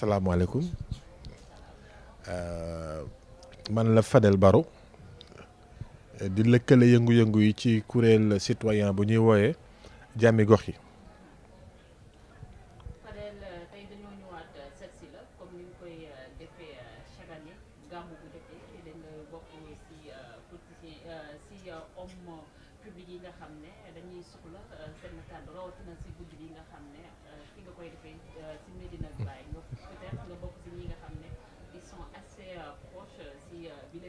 salaamaaleykum euh, man la Fadel Barro di lëkkale yëngu-yëngu yi ci kuréel citoyen bu ñuy wooyee jàmmi gox yi. Fadel euh, tey dañoo ñëwaat euh, seet si la comme ni ñu koy defee chaque année public yi nga xam ne dañuy soxla seen kàddu rawatina si guddi yi nga xam ne fi nga koy defee si Médina Baye.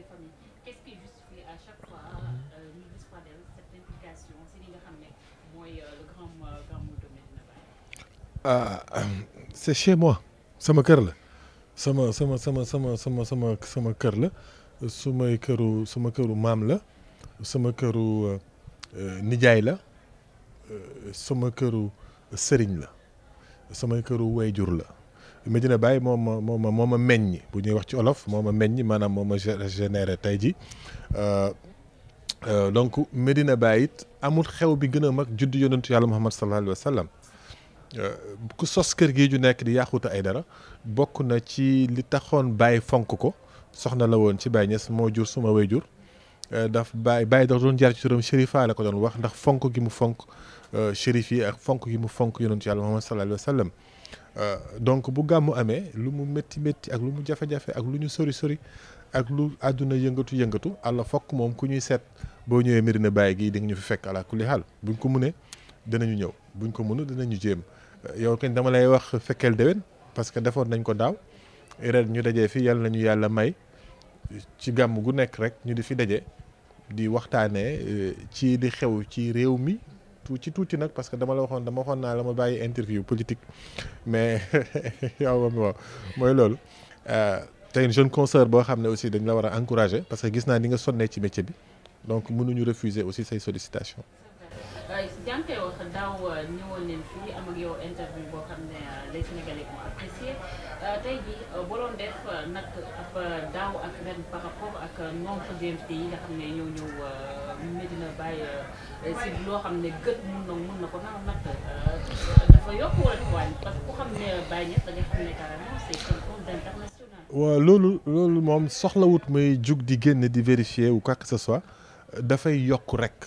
des mhm. euh, familles euh, euh, ah, c'est chez sama kër la sama sama sama sama sama sama sama kër la su may këru sama këru maam la sama këru nijaay la sama këru sëriñ la samay këru jur la. Medina Baye moo ma moo ma moo ma meññ bu ñuy wax ci olof moo ma meññ maanaam moo ma généré tey ji euh, euh, donc Medina Baye it amul xew bi gën a mag judd yonentu yàlla Muhammad sallallahu alayhi wa sallam euh, ku sos kër gii ju nekk di yàquta ay dara bokk na ci li taxoon bàyyi fonk ko soxna la woon ci Baye Niass moo jur suma way jur daf Baye Baye dafa doon jaar ci turam Chérifa la ko doon wax ndax fonk gi mu fonk chérif yi ak fonk gi mu fonk yonentu yàlla Muhammad sallallahu alayhi sallam Euh, donc bu gàmmu amee lu mu métti métti ak lu mu jafe-jafe ak lu ñu sori sori ak lu àdduna yëngatu yëngatu àlla fokk moom ku ñuy seet boo ñëwee Medina Baye gii di ñu fi fekk ala kulli xaal buñ ko munee danañu ñëw buñ ko mënu danañu jéem euh, yow kenn dama lay wax fekkeel déwén parce que defoon nañ ko daaw ren ñu dajee fi yàlla nañu yàlla may ci gàmm gu nekk rek ñu di fi daje di waxtaanee euh, ci di xew ci réew mi tuuti tuuti nag parce que dama la waxoon dama waxoon naa la ma bàyyi interview politique mais yow waaw mooy loolu euh, tey jeune consoeur boo xam ne aussi dañ la war a encourager parce que gis naa ni nga sonnee ci métier bi donc mënuñu refuser aussi say sollicitation jànkee euh, wax daaw euh, ñëwoon nañ fii am ak yow interview boo xam ne les Sénégalais moo tey jii boo doon def nag daaw ak ren par rapport ak nombre d'invités yi nga ne ñoo ñëw Medina euh, euh, waaw euh, loolu loolu moom soxlawut may jug di génn di vérifier ou quoi que ce soit dafay yokk rek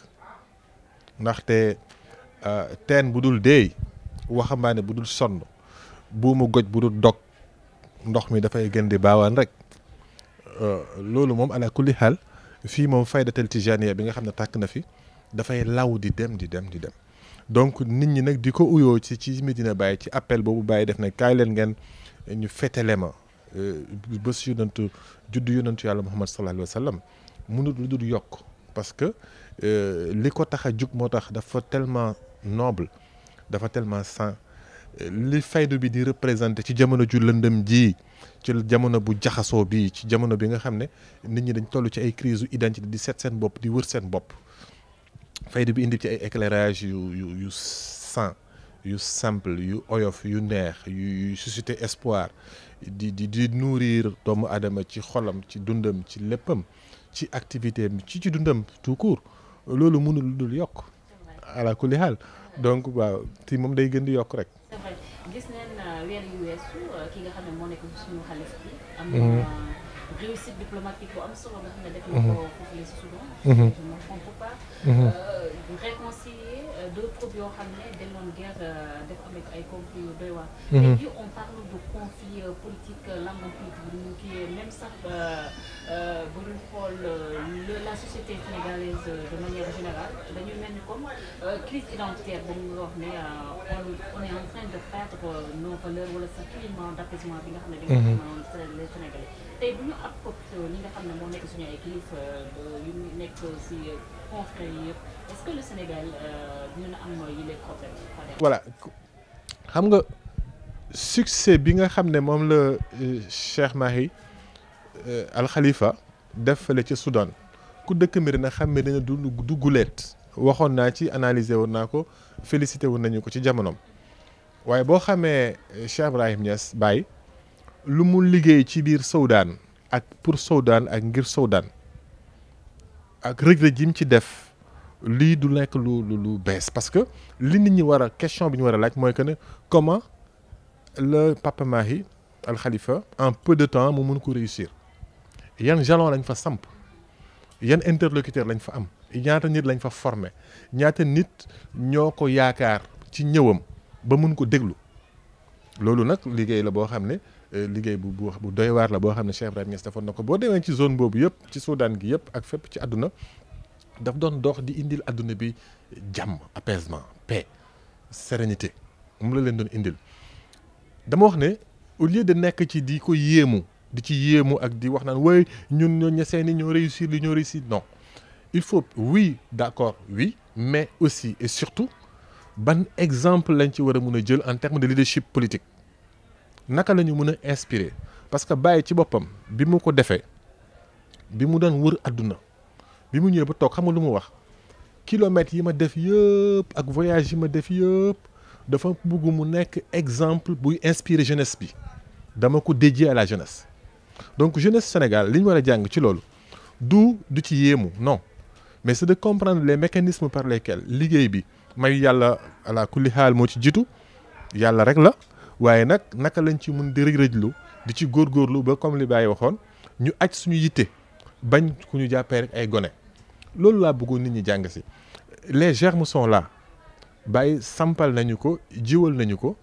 ndaxte teen bu dul deey waxambaane bu dul sonn buumu goj bu dul dog ndox mi dafay gën di baawaan rek loolu moom ala kulli xaal. fii moom faydatal tijaaniya bi nga xam ne tàkk na fi dafay law di dem di dem di dem donc nit ñi nag di ko uyoo ci ci Medina bàyyi ci appel boobu bàyyi def na kaay leen ngeen ñu fetele ma euh, bés yonantu juddu yonantu yàlla Muhammad sallallahu alayhi wa sallam mënut lu dul yokk parce que euh, li ko tax a jug moo tax dafa telement noble dafa tellement saint li faydu bi di représenté ci jamono ju lëndëm ji ci jamono bu jaxasoo bi ci jamono bi nga xam ne nit ñi dañ toll ci ay crise identité di set seen bopp di wër seen bopp faydu bi indi ci ay éclairage yu yu yu yu simple yu oyof yu neex yu suscité espoir di di di nourrir doomu aadama ci xolam ci dundam ci léppam ci activité ci ci dundam tout court loolu mënul dul yokk ala kulli donc waaw ti moom day gën di yokk rek c'est vrai gis neen euh, weer yu weesu euh, ki nga xam ne moo nekk suñu xaalis bi. am na mhm. réussite diplomatique bu am solo nga xam ne def na mhm. ko foofu les Soudan. Mhm. je me trompe pas. Mhm. Euh, réconcilier euh, deux troupes yoo xam ne delloon guerre euh, def avec ay conflits yu doy waar. et puis on parle de conflit politique langue politique bu ñu kii même sax bu ñu xool la société sénégalaise de manière générale dañuy mel ni comme crise identitaire boobu nga wax ne on est en train de perdre nos valeurs wala sa climat d' apaisement bi nga xam ne. dañoo demoon les Sénégalais tey bu ñu ñu nga euh, euh, xam nga succès bi nga xam ne moom la euh, Cheikh Mahi Al Khalifa def fële ci Soudan ku dëkk na xam Médina du du guleet waxoon naa ci analyser woon naa ko félicité woon nañu ko ci jamonoom waaye boo xamee Cheikh Ibrahim Niass Baye lu mu liggéey ci biir Soudan ak pour Soudane ak ngir Soudane ak rëg jim ci def lii du nekk lu lu lu bees parce que li nit ñi war a question bi ñu war a laaj mooy que ne comment le Papa Mahi Al Khalifa en peu de temps mu mënu ko réussir yan jalon lañ fa samp yan interlocuteur lañ fa am ñaata nit lañ fa forme ñaata nit ñoo ko yaakaar ci ñëwam ba mun ko déglu loolu nag liggéey la boo xam ne Euh, liggéey bu bu bu doy waar la boo xam ne Cheikh Ibrahima Niass defoon na ko boo demee ci zone boobu yëpp ci Soudan gi yëpp ak fépp ci àdduna daf doon dox di indil àdduna bi jàmm apaisement paix sérénité mu la leen doon indil dama wax ne au lieu de nekk ci di ko yéemu di ci yéemu ak di wax naan way ñun ñoo ñesee ni ñoo réussir li ñoo réussir non il faut oui d'accord oui mais aussi et surtout ban exemple lañ ci war a mun a jël en termes de leadership politique naka la ñu mën a inspirer parce que Baye ci boppam bi mu ko defee bi mu doon wër àdduna bi mu ñëwee ba toog xam nga lu mu wax kilomètres yi ma def yëpp ak voyage yi ma def yëpp dafa bëgg mu nekk exemple buy inspirer jeunesse bi dama ko dédié à la jeunesse donc jeunesse Sénégal li ñu war a jàng ci loolu du du ci yéemu non mais c'est de comprendre les mécanisme par lesquels liggéey bi may yàlla ala kulli xaal moo ci jiitu yàlla rek la. waaye nag naka lañ ci mun di rëj-rëjlu di ci góor góorlu ba comme li Baye waxoon ñu aj suñu yitte bañ ku ñu jàppee rek ay gone loolu laa bëggoon nit ñi jàng si les germes sont là Baye sampal nañu ko jiwal nañu ko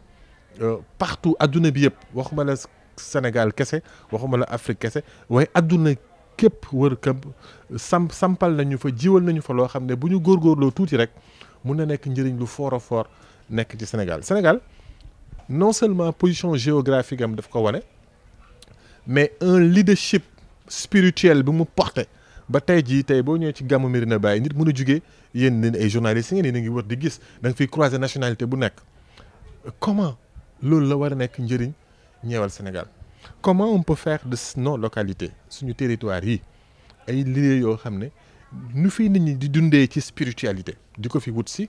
euh, partout àdduna bi yëpp waxuma la Sénégal kese waxuma la Afrique kese waaye àdduna képp wër këpp samp sampal nañu fa jiwal nañu fa loo xam ne bu ñu góorgóorloo tuuti rek mun na nekk njëriñ lu fort a fort nekk ci Sénégal Sénégal non seulement position géographique am daf ko wane mais un leadership spirituel bi mu porté ba tey jii tey boo ñëwee ci gàmmu Medina bàyyi nit mun a jugee yéen leen ay journalistes ngeen yéen a ngi war di gis da fiy croiser nationalité bu nekk comment loolu la war a nekk njëriñ ñeewal Sénégal comment on peut faire de nos localité suñu territoire yi ay lieux yoo xam ne nu fi nit ñi di dundee ci spiritualité di ko fi wut si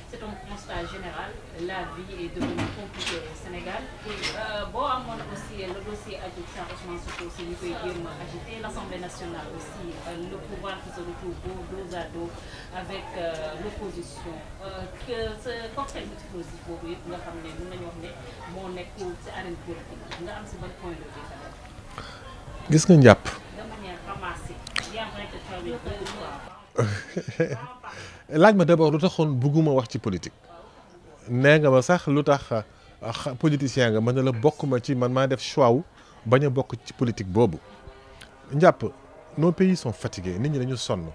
c'est un constat général la vie est devenue compliquée Sénégal euh, boo amoon aussi le dossier aju sa Ousmane Sonko aussi ñu koy jéem a agité l'Assemblée nationale aussi euh, le pouvoir qui se retrouve avec euh, l'opposition que ce cocktail multiplosif laaj ma d'abord lu taxoon bëgguma wax ci politique nee nga ma sax lu tax ah, politicien nga mën na la bokk ma ci man maa def choix wu bañ a bokk ci politique boobu njàpp nos pays sont fatigués nit ñi dañu sonn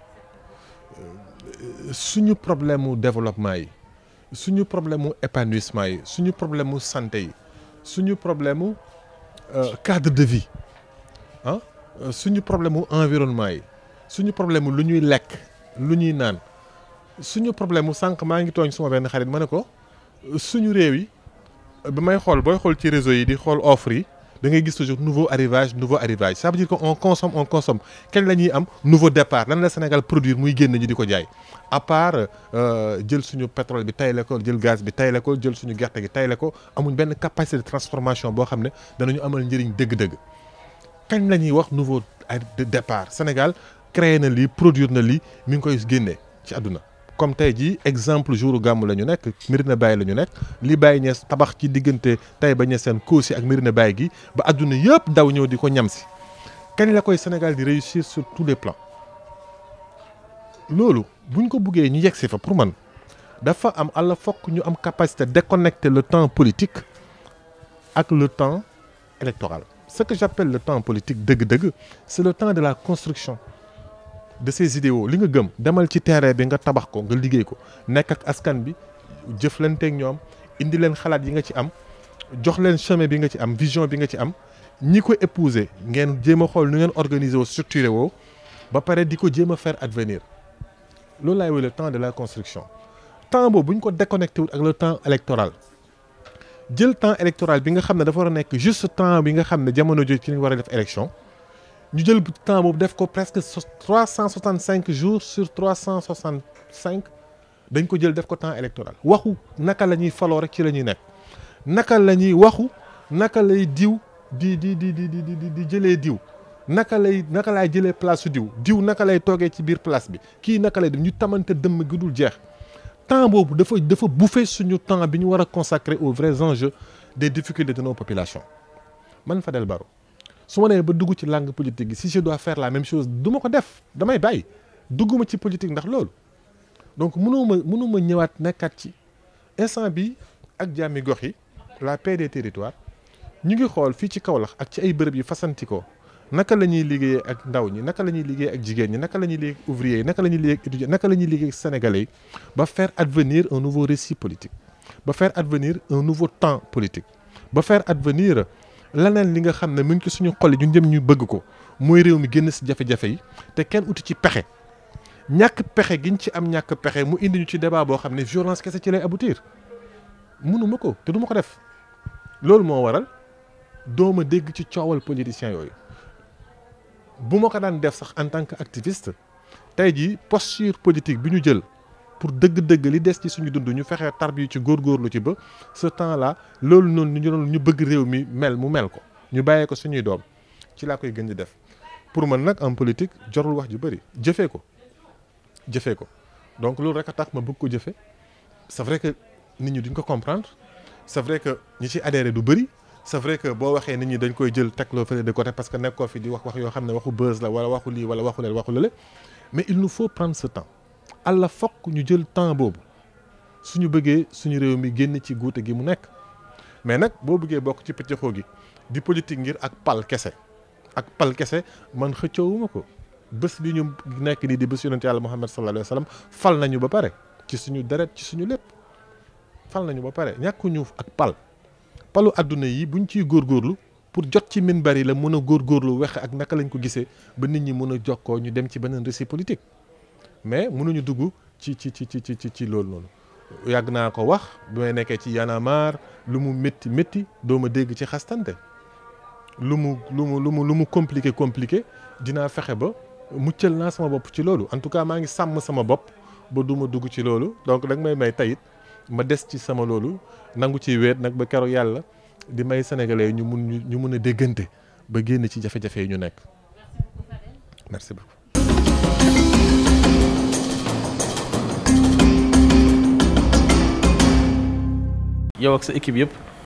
euh, suñu problème mu développement yi suñu problème mu épanouissement yi suñu problème mu santé yi suñu problème mu euh, cadre de vie ah euh, suñu problème mu environnement yi suñu problème lu ñuy lekk lu ñuy naan suñu problème mu sànq maa ngi tooñ suma benn xarit ma ne ko suñu réew yi ba may xool booy xool ci réseau yi di xool offre yi da ngay gis toujours nouveau arrivage nouveau arrivage ça veut dire que on consomme on consomme kañ lañuy am nouveau départ lan la Sénégal produire muy génn ñu di ko jaay à part euh, jël suñu pétrole bi tay la jël gaz bi tay la ko jël suñu gerte gi tay la ko amuñ benn capacité de transformation boo xam ne danañu amal njëriñ dëgg-dëgg kañ la ñuy wax nouveau départ Sénégal créé na lii produire na lii mi ngi koy génnee ci àdduna comme tey jii exemple jouru gàmmu la ñu nekk Medina Baye la ñu nekk li Baye Niass tabax ci diggante tey ba seen Kossy ak Medina Baye gi ba adduna yëpp daw ñëw di ko ñam si kañ la koy Sénégal di réussir sur tous les plans loolu buñ ko buggee ñu yegg si fa pour man dafa am àlla fokk ñu am capacité déconnecter le temps politique ak le temps électoral ce que j'appelle le temps politique dëgg-dëgg c'est le temps de la construction de ses idéaux li nga gëm demal ci terrain bi nga tabax ko nga liggéey ko nekk ak askan bi jëflanteeg ñoom indi leen xalaat yi nga ci am jox leen chemin bi nga ci am vision bi nga ci am ñi ko épouser ngeen jéem a xool nu ngeen organiser woo structuré woo ba pare di ko jéem a faire advenir loolu laay woy temps de la construction temps boobu ñu ko déconnecté wul ak le temps électoral jël temps électoral bi nga xam ne dafa war a nekk juste temps bi nga xam ne jamono jooju ci lañ war a def élection ñu jël temps boobu def ko presque trois cent soixante cinq jours sur trois cent soixante cinq dañ ko jël def ko temps électoral waxu naka la ñuy faloo rek ci la ñuy nekk naka la ñuy waxu naka lay diw di di di di di di jëlee diw naka lay naka laay jëlee place su diw diw naka lay toogee ci biir place bi kii naka lay dem ñu tamante dëmm gi dul jeex temps boobu dafa dafa bouffer suñu temps bi ñu war a consacrer aux vrais enjeux des difficultés de nos populations man Fadel Barro su ma nee ba dugg ci langue politique gi si je dois faire la même chose du ma ko def damay bàyyi dugguma ci politique ndax loolu donc mënuma mënuma ñëwaat nekkaat ci instant bi ak jàmmi gox yi la paix des territoires ñu ngi xool fii ci kawlax ak ci ay bërëb yi fasantikoo naka la ñuy liggéeyee ak ndaw ñi naka la ñuy liggéey ak jigéen ñi naka la ñuy liggéey ak ouvrier yi naka la ñuy liggéey ak étudiant naka la ñuy liggéey ak sénégalais yi ba faire advenir un nouveau récit politique ba faire advenir un nouveau temps politique ba faire advenir laneen li nga xam ne mu ngi ci suñu xol yi ñu jëm ñu bëgg ko mooy réew mi génn si jafe-jafe yi te kenn uti ci pexe ñàkk pexe giñ ci am ñàkk pexe mu indi ñu ci débat boo xam ne violence kese ci lay aboutir mënuma ko te duma ko def loolu moo waral dooma dégg ci coowal politiciens yooyu bu ma ko daan def sax en tant que activiste tey jii posture politique bi ñu jël pour dëgg-dëgg li des ci suñu dund ñu fexe tarbiyu ci góorlu ci ba ce temps la loolu noonu ñu doon ñu bëgg réew mi mel mu mel ko ñu bàyyee ko suñuy doom ci laa koy gën di def pour man nag en politique jorul wax ju bëri jëfee ko jëfee ko donc loolu rek a tax ma bëgg ko jëfe c'est vrai que nit ñi duñ ko comprendre c'est vrai que ñi ci adhéré du bëri c'est vrai que boo waxee nit ñi dañ koy jël teg loo fële de côté parce que nekkoo fi di wax wax yoo xam ne waxu buzz wala waxu lii wala waxu leel waxu lële mais il nous faut prendre ce temps alla fokk ñu jël temps boobu suñu bëggee suñu réew mi génn ci guute gi mu nekk mais nag boo bëggee bokk ci pëccëxoo gi di politique ngir ak pal kese ak pal kese man xëccoowuma ko bés bi ñu nekk nii di bés yonent yàlla Muhammad sallallahu alayhi wa sallam fal nañu ba pare ci suñu deret ci suñu lépp fal nañu ba pare ñàkkuñu ak pal palu àdduna yi buñ ciy góor góorlu pour jot ci minbar yi la mën a góorgóorlu weex ak naka lañ ko gisee ba nit ñi mën a jokkoo ñu dem ci beneen récit politique mais mënuñu dugg ci ci ci ci ci ci loolu noonu yàgg naa ko wax bi may nekkee ci yanamar lu mu métti métti doo ma dégg ci xastante lu mu lu mu lu mu lu mu compliqué compliqué dinaa fexe ba muccal naa sama bopp ci loolu en tout cas maa ngi sàmm sama bopp ba du ma dugg ci loolu donc dag may may tayit ma des ci sama loolu nangu ci weet nag ba keroog yàlla di may sénégalais ñu mun ñu mun a déggante ba génn ci jafe-jafe yi ñu nekk yow ak sa équipe yëpp